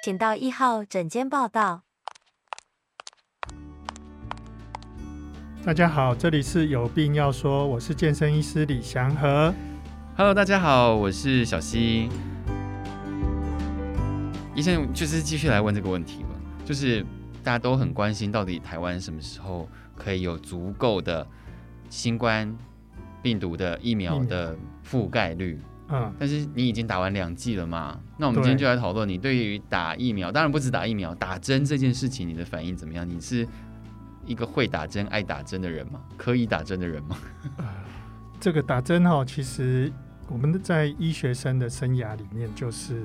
請到一號診間報到。大家好，這裡是有病要說，我是健身醫師李祥和。Hello，大家好，我是小奚。醫生就是繼續來問這個問題吧，就是大家都很關心，到底台灣什麼時候可以有足夠的新冠病毒的疫苗的覆蓋率？嗯，但是你已經打完兩劑了嘛。那我們今天就來討論你對於打疫苗，對當然不止打疫苗，打針這件事情，你的反應怎麼樣？你是一個會打針、愛打針的人嗎？可以打針的人嗎？呃，這個打針哈，哦，其實我們在醫學生的生涯裡面就是。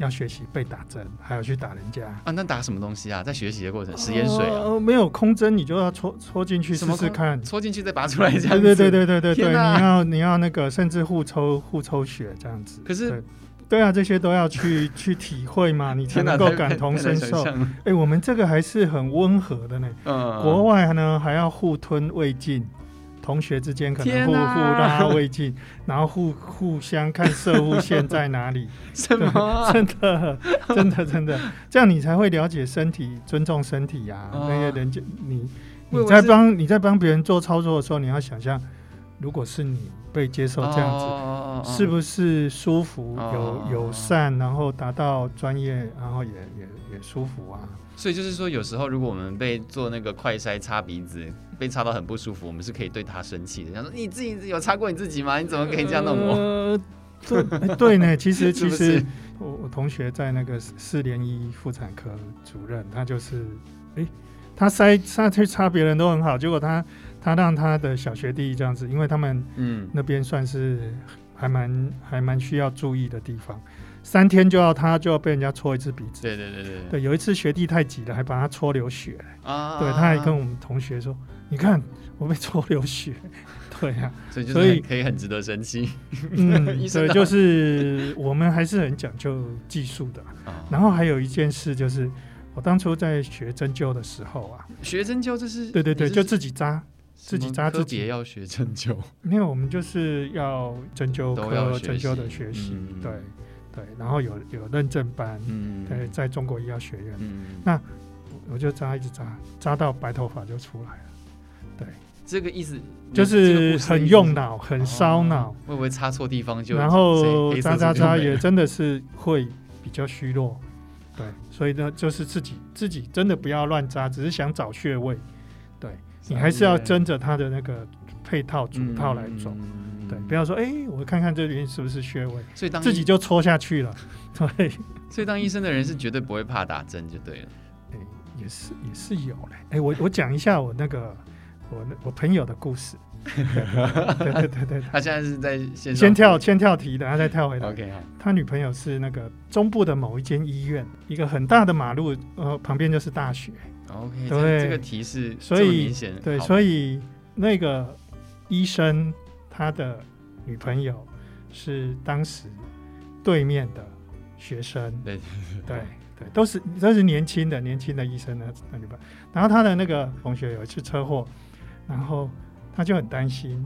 要學習被打針，還要去打人家啊？那打什麼東西啊？在學習的過程，食鹽水啊？呃呃、沒有空針，你就要戳戳進去試試看，戳進去再拔出來這樣子。對對對對對對對，啊、你要你要那個，甚至互抽互抽血這樣子。可是對，對啊，這些都要去 去體會嘛，你才能夠感同身受。哎、啊欸，我們這個還是很溫和的呢。嗯，嗯，國外呢還要互吞胃鏡。同學之間可能互、啊、互拉胃鏡，然後互互相看攝護腺在哪裡、 啊？真的，真的，真的， 這樣你才會了解身體，尊重身體呀、啊。哦、那些人你你在幫你在幫別人做操作的時候，你要想象，如果是你被接受這樣子，哦哦、是不是舒服、有友善，哦、然後達到專業，嗯、然後也也也舒服啊？所以就是說，有時候如果我們被做那個快篩、擦鼻子，被擦到很不舒服，我們是可以對他生氣的，想說，你自己有擦過你自己嗎？你怎麼可以這樣弄我，呃欸？對對、欸、呢，其實其實是是我我同學在那個四連一婦產科主任，他就是、欸、他篩，他去擦別人都很好，結果他他讓他的小學弟這樣子，因為他們嗯那邊算是還蠻還蠻需要注意的地方。三天就要他就要被人家戳一次鼻子。對對對對，有一次學弟太急了，還把他戳流血。啊，對，他還跟我們同學說：“你看我被戳流血。”對呀，所以可以很值得珍惜。嗯，所以就是我們還是很講究技術的。然後還有一件事就是，我當初在學針灸的時候啊，學針灸就是對對對，就自己扎自己扎自己。也要學針灸？沒有，我們就是要針灸科針灸的學習。對。然後有有認證班，嗯嗯，在中國醫藥學院，嗯，那我就扎一直扎扎，到白頭髮就出來了，對，這個意思就是很用腦，很燒腦，會不會插錯地方就，然後扎扎扎也真的是會比較虛弱，對，嗯、對所以呢，就是自己自己真的不要亂扎，只是想找穴位，對、嗯、你還是要跟着他的那個配套主套來走。嗯不要說，哎，我看看這邊是不是穴位，所以當自己就戳下去了。對，所以當醫生的人是絕對不會怕打針，就對了。也是也是有嘞。哎，我我講一下我那個我我朋友的故事。對對對，對，對他，他現在是在先跳先跳題的，然後再跳回來。OK，好他女朋友是那個中部的某一間醫院，一個很大的馬路，呃，旁邊就是大學。OK，對這個提示這個題是所以明顯對，好所以那個醫生。他的女朋友是當時對面的學生，對對對，都是都是年輕的年輕的醫生呢，那女伴。然後他的那個同學有一次車禍，然後他就很擔心，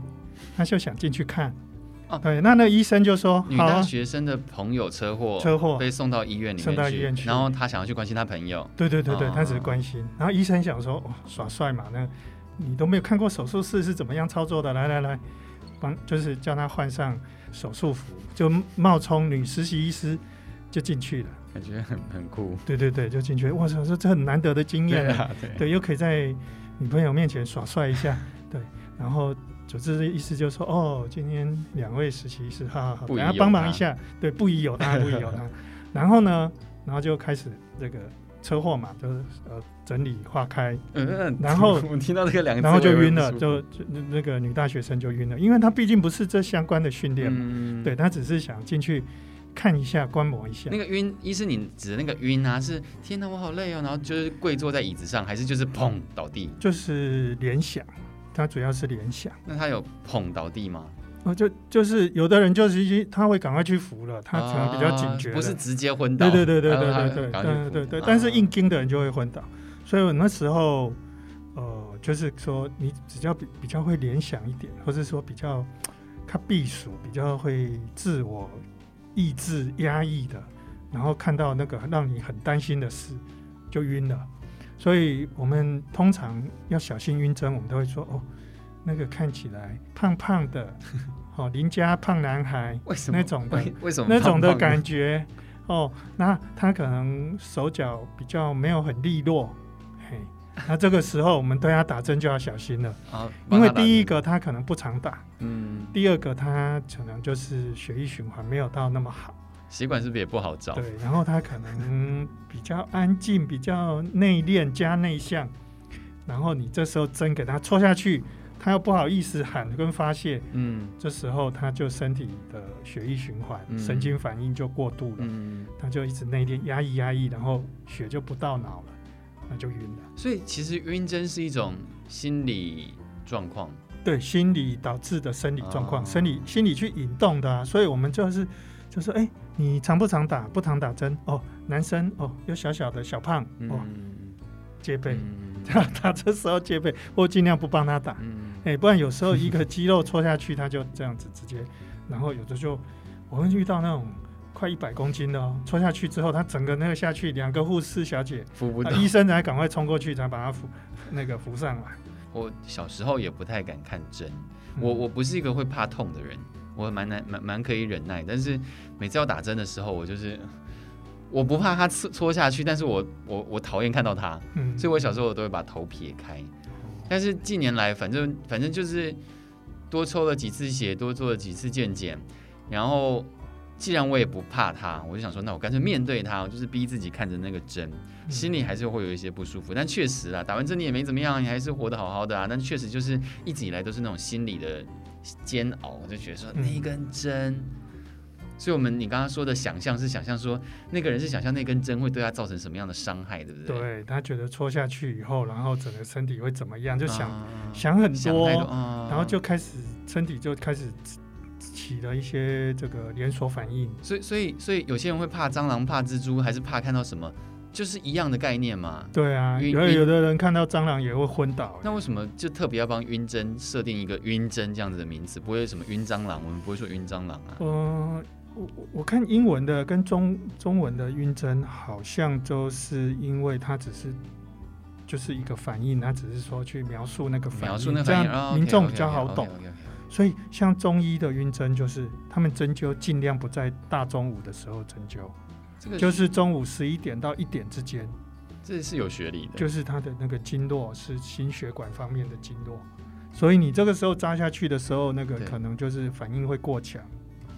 他就想進去看。哦、啊，對，那那醫生就說，女的學生的朋友車禍、啊，車禍被送到醫院裡面送到醫院去。然後他想要去關心他朋友。對對對對，哦、他只是關心。然後醫生想說，哦、耍帥嘛，那你都沒有看過手術室是怎麼樣操作的？來來來。就是叫他換上手術服，就冒充女實習醫師就進去了，感覺很很酷。對對對，就進去。哇塞，這很難得的經驗，欸，對，啊，對，對，又可以在女朋友面前耍帥一下， 對。然後組織的意思就是說，哦，今天兩位實習醫師，哈哈，大家幫忙一下，對，不遺有他，不遺有他， 然後呢，然後就開始這個。車禍嘛，就是呃，整理劃開，嗯，然後、嗯、我們聽到這個兩個字，然後就暈了， 就那那個女大學生就暈了，因為她畢竟不是這相關的訓練嘛，嗯、對，她只是想進去看一下觀摩一下。那個暈，醫生你指的那個暈啊，是天哪，我好累哦，然後就是跪坐在椅子上，還是就是砰倒地？就是聯想，她主要是聯想。那他有砰倒地嗎？就就是有的人就是他會趕快去扶了，他可能比較警覺、啊，不是直接昏倒。對對對對對、啊、對對對對，但是硬撐的人就會昏倒，啊、所以我那時候，呃，就是說你比較比比較會聯想一點，或是說比較他避暑比較會自我抑制壓抑的，然後看到那個讓你很擔心的事就暈了，所以我們通常要小心暈針，我們都會說哦。那個看起來胖胖的，哦，鄰家胖男孩，那種的。為，為什麼胖胖？那種的感覺？哦，那他可能手腳比較沒有很利落，嘿，那這個時候我們對他打針就要小心了、啊、因為第一個他可能不常打，嗯，第二個他可能就是血液循環沒有到那麼好，血管是不是也不好找？對，然後他可能比較安靜， 比較內斂加內向，然後你這時候針給他戳下去。他又不好意思喊跟發洩，嗯，這時候他就身體的血液循環、嗯、神經反應就過度了，嗯、他就一直那一天壓抑壓抑，然後血就不到腦了，那就暈了。所以其實暈針是一種心理狀況，對，心理導致的生理狀況，哦、生理心理去引動的、啊。所以我們就是就是、說，哎，你常不常打？不常打針哦，男生哦，有小小的、小胖哦，戒備，他這時候戒備，我盡量不幫他打。嗯哎、欸，不然有時候一個肌肉戳下去，它 就這樣子直接，然後有的就，我們遇到那種快一百公斤的哦，戳下去之後，它整個那個下去，兩個護士小姐扶不到，啊、醫生才趕快衝過去，才把它扶那個扶上來。我小時候也不太敢看針，我我不是一個會怕痛的人，我蠻難蠻蠻可以忍耐，但是每次要打針的時候，我就是我不怕它戳戳下去，但是我我我討厭看到它，嗯、所以我小時候我都會把頭撇開。但是近年來，反正反正就是多抽了幾次血，多做了幾次健檢，然後既然我也不怕它，我就想說，那我乾脆面對它，就是逼自己看着那個針，心裡還是會有一些不舒服。嗯、但確實啊，打完針你也沒怎麼樣，你還是活得好好的啊。但確實就是一直以來都是那種心理的煎熬，我就覺得說那一根針。嗯嗯所以，我們你剛剛說的想象是想象說那個人是想象那根針會對他造成什麼樣的傷害，對不對？對他覺得戳下去以後，然後整個身體會怎麼樣？就想、啊、想很多，多啊、然後就開始身體就開始起了一些這個連鎖反應。所以，所以，所以有些人會怕蟑螂、怕蜘蛛，還是怕看到什麼？就是一樣的概念嘛。對啊，因為暈有，有的人看到蟑螂也會昏倒。那為什麼就特別要幫暈針設定一個暈針這樣子的名字？不會有什麼暈蟑螂，我們不會說暈蟑螂啊。嗯、呃。我我看英文的跟中中文的暈針，好像都是因為它只是就是一個反應，它只是說去描述那個反應，反應，這樣民眾比較好懂。所以像中醫的暈針，就是他們針灸盡量不在大中午的時候針灸，是就是中午十一點到一點之間，這是有學理的，就是他的那個經絡是心血管方面的經絡，所以你這個時候扎下去的時候，那個可能就是反應會過強。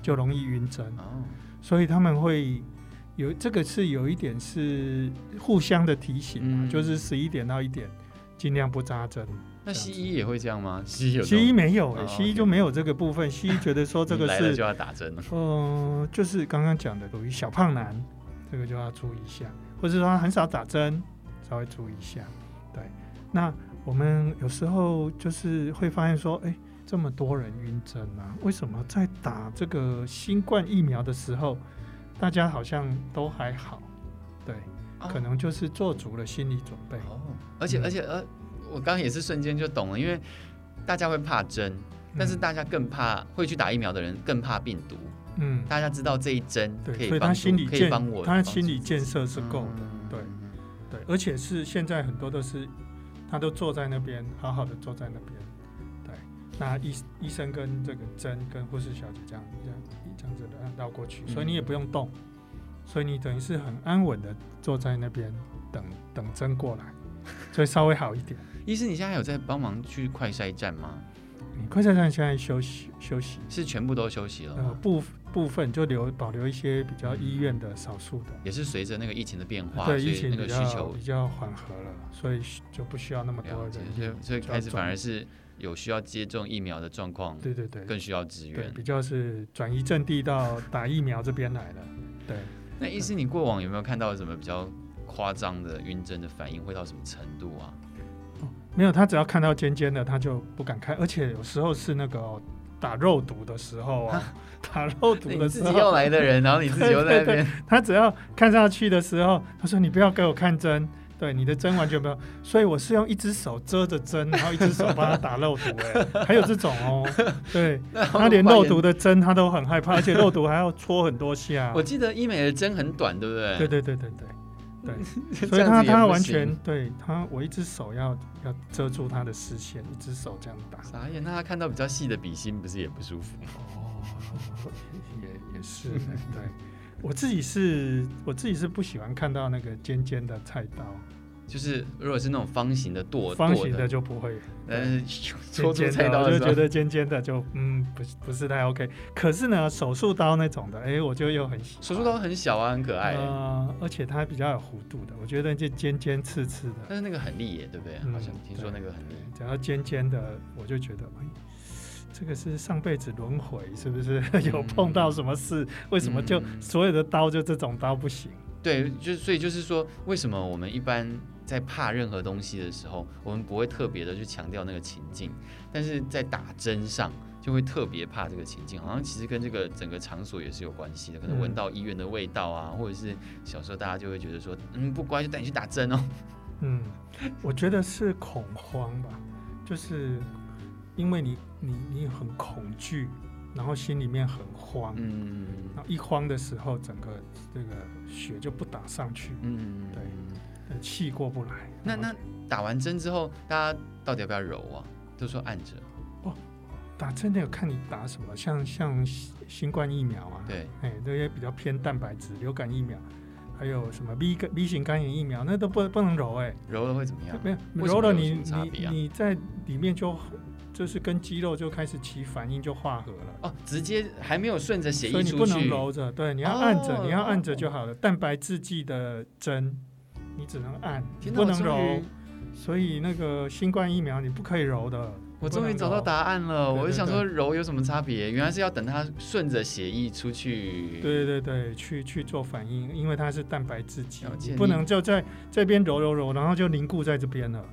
就容易暈針，哦、所以他們會有這個是有一點是互相的提醒，嗯、就是十一點到一點盡量不扎針。那西醫也會這樣嗎？西醫有西醫沒有，欸、哦、西醫就沒有這個部分。哦、西醫覺得說這個是，啊、來了就要打針了。嗯、呃，就是剛剛講的比如小胖男，這個就要注意一下，或者說他很少打針，稍微注意一下。對，那我們有時候就是會發現說，哎、欸。這麼多人暈針啊？為什麼在打這個新冠疫苗的時候，大家好像都還好？對，哦、可能就是做足了心理準備。哦，而且、嗯、而且而、呃、我剛剛也是瞬間就懂了，因為大家會怕針，但是大家更怕、嗯、會去打疫苗的人更怕病毒。嗯，大家知道這一針可以幫助，對方心理可以幫我，他心理建設是夠的。嗯、對，對，而且是現在很多都是他都坐在那邊，好好的坐在那邊。那醫醫生跟這個針跟護士小姐這樣這樣這樣子的繞過去，嗯、所以你也不用動，所以你等於是很安穩的坐在那邊，等等針過來，所以稍微好一點。 醫生，你現在有在幫忙去快篩站嗎？嗯、快篩站現在休息休息，是全部都休息了嗎？部部分就留保留一些比較醫院的、嗯、少數的，也是隨着那個疫情的變化，啊、對疫情的需求比較緩和了，所以就不需要那麼多人，所以開始反而是。有需要接種疫苗的狀況，對對對，更需要支援，比較是轉移陣地到打疫苗這邊來的。 對，那醫師你過往有沒有看到什麼比較誇張的暈針的反應會到什麼程度啊、哦？沒有，他只要看到尖尖的，他就不敢看，而且有時候是那個、哦、打肉毒的時候啊、哦，蛤打肉毒的時候你自己要來的人，然後你自己在那邊， 他只要看上去的時候，他說，你不要給我看針。對，你的針完全沒有，所以我是用一隻手遮着針，然後一隻手幫他打肉毒、欸。哎， 還有這種哦、喔。對，他連肉毒的針他都很害怕， 而且肉毒還要戳很多下、啊。我記得醫美的針很短，對不對？對對對對對對。所以、嗯、他他完全對他，我一隻手要要遮住他的視線，一隻手這樣打。傻眼，那他看到比較細的筆芯不是也不舒服嗎？哦，也也是、欸， 對。我自己是，我自己是不喜歡看到那個尖尖的菜刀，就是如果是那種方形的剁，方形的就不會。嗯對，尖尖的我就覺得尖尖的就 嗯不是不是太 OK。可是呢，手術刀那種的，哎、欸，我就又很喜手術刀很小啊，很可愛啊、呃，而且它還比較有弧度的，我覺得就尖尖刺刺刺的。但是那個很利耶，對不對？嗯、好像聽說那個很利，只要尖尖的我就覺得。欸這個是上輩子輪回，是不是、嗯、有碰到什麼事？為什麼就所有的刀就這種刀不行？對，就所以就是說，為什麼我們一般在怕任何東西的時候，我們不會特別的去強調那個情境，但是在打針上就會特別怕這個情境，好像其實跟這個整個場所也是有關係的，可能聞到醫院的味道啊，嗯、或者是小時候大家就會覺得說，嗯，不乖就帶你去打針哦、喔。嗯，我覺得是恐慌吧，就是。因為你你你很恐懼，然後心裡面很慌，嗯，然後一慌的時候，整個這個血就不打上去，嗯對，氣過不來。那，那打完針之後，大家到底要不要揉啊？都說按着。哦，打針的有看你打什麼，像像新冠疫苗啊，對，哎，這些比較偏蛋白質，流感疫苗，還有什麼 B, B 型肝炎疫苗，那都不不能揉哎，揉了會怎麼樣？沒有，揉了你、啊、你你在裡面就。就是跟肌肉就開始起反應，就化合了哦，直接還沒有順着血液出去，所以你不能揉着，對，你要按着，哦，你要按着就好了。哦、蛋白質劑的針，你只能按，天哪，不能揉。所以那個新冠疫苗你不可以揉的。我終於找到答案了，對對對對，我就想說，揉有什麼差別？原來是要等它順着血液出去。對對對，去去做反應，因為它是蛋白質劑，不能就在這邊揉揉揉，揉然後就凝固在這邊了。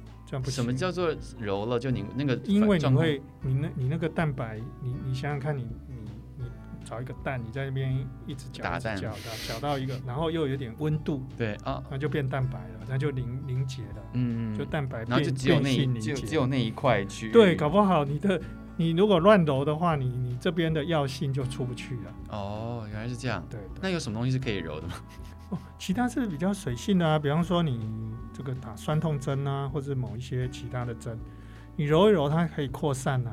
什麼叫做揉了就，你那個因為你會你那你那個蛋白，你你想想看你，你你你找一個蛋，你在那邊一直攪攪的攪到一個，然後又有點溫度，對啊，那就變蛋白了，那就凝凝結了，嗯，就蛋白變然後就只有那一就只有那一塊去，對，搞不好你的你如果亂揉的話，你你這邊的藥性就出不去了。哦，原來是這樣，對,對,對。那有什麼東西是可以揉的嗎？其他是比較水性的，啊，比方說你這個打酸痛針啊，或者某一些其他的針，你揉一揉，它可以擴散啊。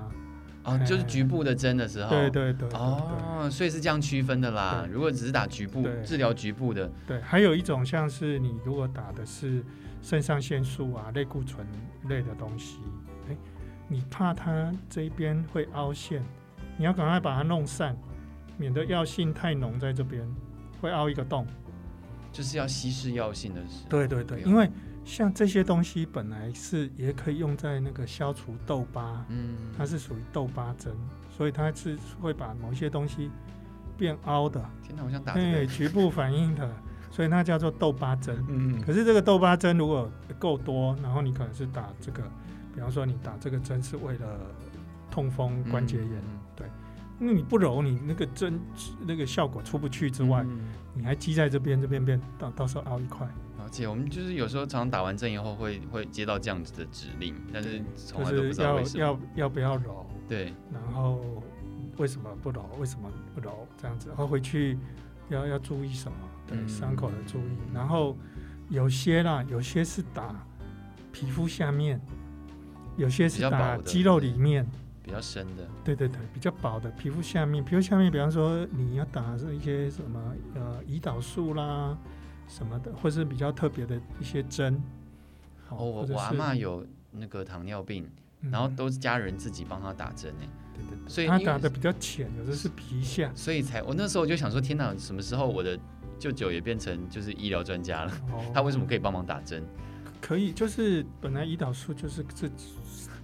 啊，哦，哎，就是局部的針的時候。對對，對對對。哦，所以是這樣區分的啦。對如果只是打局部對治療局部的。對，還有一種像是你如果打的是腎上腺素啊，類固醇類的東西，哎，你怕它這邊會凹陷，你要趕快把它弄散，免得藥性太濃在這邊會凹一個洞。就是要稀釋藥性的，是，對對對，對哦、因為像這些東西本來是也可以用在那個消除痘疤。嗯，嗯，它是屬於痘疤針，所以它是會把某些東西變凹的。天哪，我想打、這個。對局部反應的， 所以它叫做痘疤針。嗯，嗯，可是這個痘疤針如果夠多，然後你可能是打這個，比方說你打這個針是為了痛風關節炎。嗯嗯那你不揉，你那個針那個效果出不去之外，嗯、你還積在這邊，這邊邊到到時候凹一塊。而且我們就是有時候常常打完針以後會會接到這樣子的指令，但是從來都不知道為什麼。就是要要要不要揉？對。然後為什麼不揉？為什麼不揉？這樣子，然後回去要要注意什麼？嗯、對，傷口的注意。然後有些啦，有些是打皮膚下面，有些是打肌肉裡面。比較深的，對對對，比較薄的皮膚下面，皮膚下面，比方說你要打一些什麼呃胰島素啦什麼的，或是比較特別的一些針。哦，我我阿嬤有那個糖尿病，嗯、然後都是家人自己幫他打針呢。對，對對，所以他打的比較淺，有的是皮下，所以才我那時候就想說，天哪，什麼時候我的舅舅也變成就是醫療專家了？嗯、他為什麼可以幫忙打針？可以，就是本來胰島素就是這。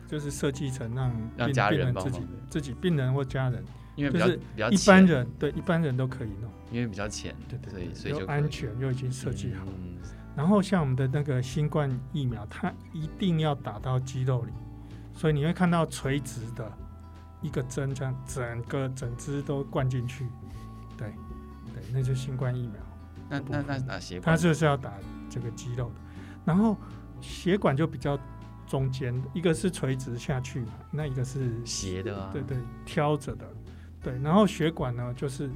就是設計成讓病、病人自己自己病人或家人，就是一般人對一般人都可以弄，因為比較淺，對對，所以又安全又已經設計好。然後像我們的那個新冠疫苗，它一定要打到肌肉裡，所以你會看到垂直的一個針，這樣整個整支都灌進去。對對，那就新冠疫苗。那那那那血管，它就是要打這個肌肉然後血管就比較。中間一個是垂直下去嘛，那一個是斜的，對對，挑着的，對。然後血管呢，就是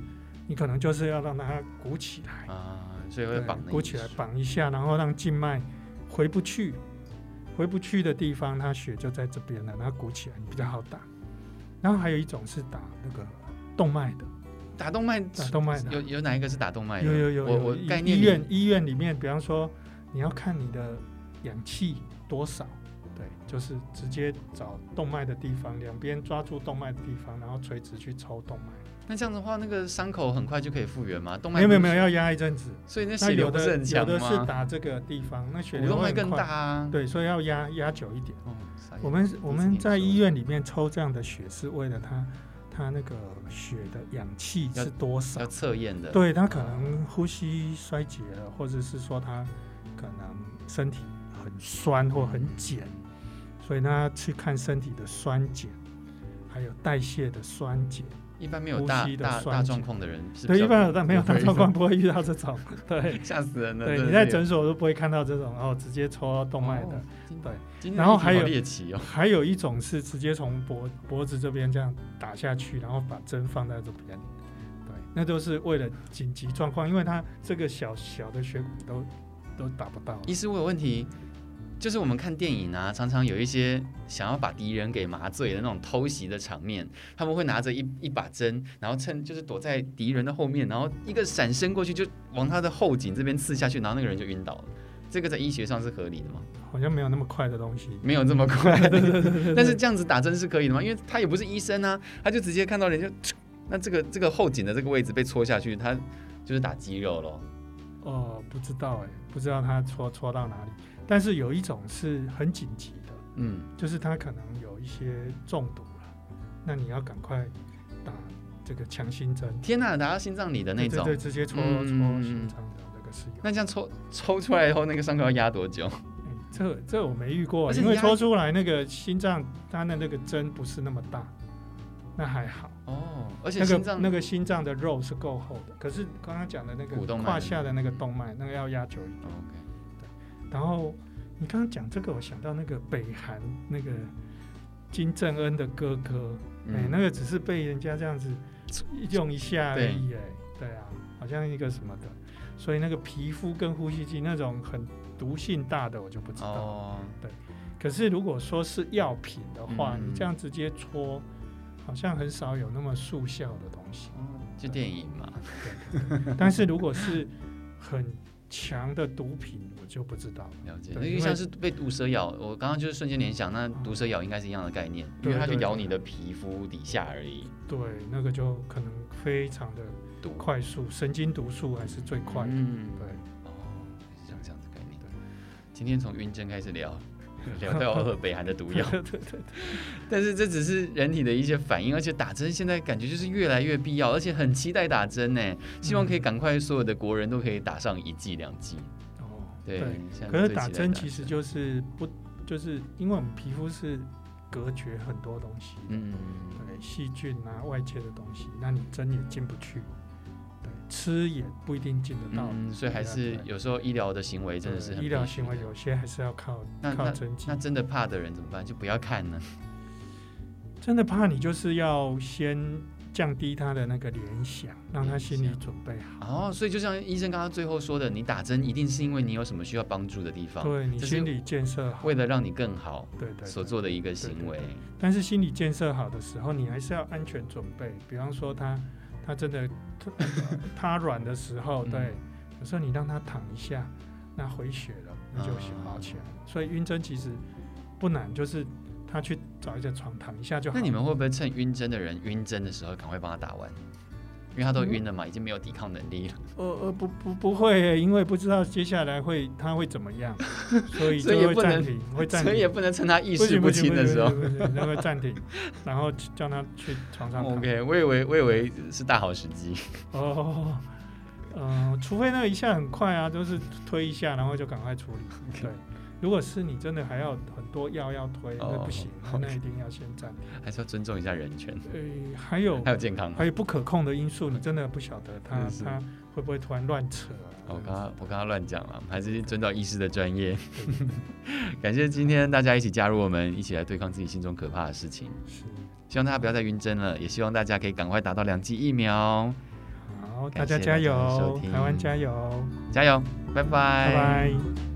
你可能就是要讓它鼓起來啊，所以會綁，鼓起來綁一下，然後讓靜脈回不去，回不去的地方它血就在這邊了，然後鼓起來比較好打。然後還有一種是打那個動脈的，打動脈，打動脈的、啊，有，有哪一個是打動脈的有？有有有有，有，我概念，醫院醫院裡面，比方說你要看你的氧氣多少。就是直接找動脈的地方，兩邊抓住動脈的地方，然後垂直去抽動脈。那這樣的話，那個傷口很快就可以復原嗎？動脈沒有沒有，要壓一陣子，所以那血流不是很強嗎？有的是打這個地方，那血流動脈更大啊。對，所以要壓壓久一點。嗯，我們我們在醫院裡面抽這樣的血，是為了它它那個血的氧氣是多少，要測驗的。對，它可能呼吸衰竭了，或者是說它可能身體很酸或很鹼。嗯所以呢，去看身體的酸鹼，還有代謝的酸鹼，嗯。一般沒有大大狀況的人，對，一般有但沒有大狀況不會遇到這種， 對，嚇死人了。對，是你在診所都不會看到這種，然後、哦、直接抽動脈的，對。然後還有、哦、還有一種是直接從脖脖子這邊這樣打下去，然後把針放在這邊，對，那都是為了緊急狀況，因為他這個小小的血管都都打不到。醫師，我有問題。就是我們看電影啊，常常有一些想要把敵人給麻醉的那種偷襲的場面，他們會拿着一一把針，然後趁就是躲在敵人的後面，然後一個閃身過去就往他的後頸這邊刺下去，然後那個人就暈倒了。這個在醫學上是合理的嗎？好像沒有那麼快的東西，沒有這麼快。但是這樣子打針是可以的嗎？因為他也不是醫生啊，他就直接看到人就，那這個這個後頸的這個位置被戳下去，他就是打肌肉咯。哦，不知道誒，不知道他戳戳到哪裡。但是有一種是很緊急的，嗯，就是他可能有一些中毒了，那你要趕快打這個強心針。天哪，打到心臟裡的那種，對，對，對，直接戳戳心臟的那個是有。那這樣抽抽出來以後，那個傷口要壓多久？欸，這這我沒遇過，因為抽出來那個心臟它的那個針不是那麼大，那還好。哦，而且心臟、那個、那個心臟的肉是夠厚的。可是剛剛講的那個胯下的那個動脈，那個要壓久一點。哦 okay. 然後你剛剛講這個，我想到那個北韓那個金正恩的哥哥，哎，那個只是被人家這樣子用一下而已，哎，對啊，好像一個什麼的，所以那個皮膚跟呼吸機那種很毒性大的我就不知道，哦、對。可是如果說是藥品的話，你這樣直接搓，好像很少有那麼速效的東西，嗯。就電影嘛，對對對，但是如果是很。強的毒品我就不知道了，了解，對，因為，因為像是被毒蛇咬，我剛剛就是瞬間聯想，那毒蛇咬應該是一樣的概念，哦、因為它就咬你的皮膚底下而已。對、對、對、對、對，那個就可能非常的毒，快速神經毒素還是最快的。嗯，對，哦，是這樣子概念。對，今天從暈針開始聊。聊到喝北韓的毒藥， 對但是這只是人體的一些反應，而且打針現在感覺就是越來越必要而且很期待打針呢，希望可以趕快所有的國人都可以打上一劑兩劑。哦，嗯、對，對對，可是打針其實就是不就是因為我們皮膚是隔絕很多東西，嗯，對，細菌啊，外界的東西，那你針也進不去。吃也不一定進得到，嗯，所以還是有時候醫療的行為真的是很的醫療行為，有些還是要靠那，靠準備。那真的怕的人怎麼辦？就不要看呢？真的怕你就是要先降低他的那個聯想，讓他心理準備好。哦，所以就像醫生剛剛最後說的，你打針一定是因為你有什麼需要幫助的地方，對，你心理建設好，為了讓你更好，對對所做的一個行為。對對對對，但是心理建設好的時候，你還是要安全準備。比方說他。他真的，呃、他軟的時候， 嗯、對，有時候你讓他躺一下，那回血了，那就好起來。啊、所以暈針其實不難，就是他去找一個床躺一下就好。那你們會不會趁暈針的人暈針的時候，趕快幫他打完？因為他都暈了嘛，嗯、已經沒有抵抗能力了。呃呃，不不不，不會、欸，因為不知道接下來會他會怎麼樣，所以就會暫停， 會暫停，所以也不能趁他意識不清的時候，就會暫停，然後叫他去床上。Oh, OK，我以為我以為是大好時機。哦，嗯，除非那一下很快啊，就是推一下，然後就趕快處理。對。Okay. 如果是你真的還要很多藥要推，那不行，那一定要先暫停。還是要尊重一下人權。對，還有還有健康，還有不可控的因素，你真的不曉得他他會不會突然亂扯啊？我剛剛我剛剛亂講了，還是遵照醫師的專業。感謝今天大家一起加入我們，一起來對抗自己心中可怕的事情。是，希望大家不要再暈針了，也希望大家可以趕快打到兩劑疫苗。好，大家加油，台灣加油，加油，拜拜，拜拜。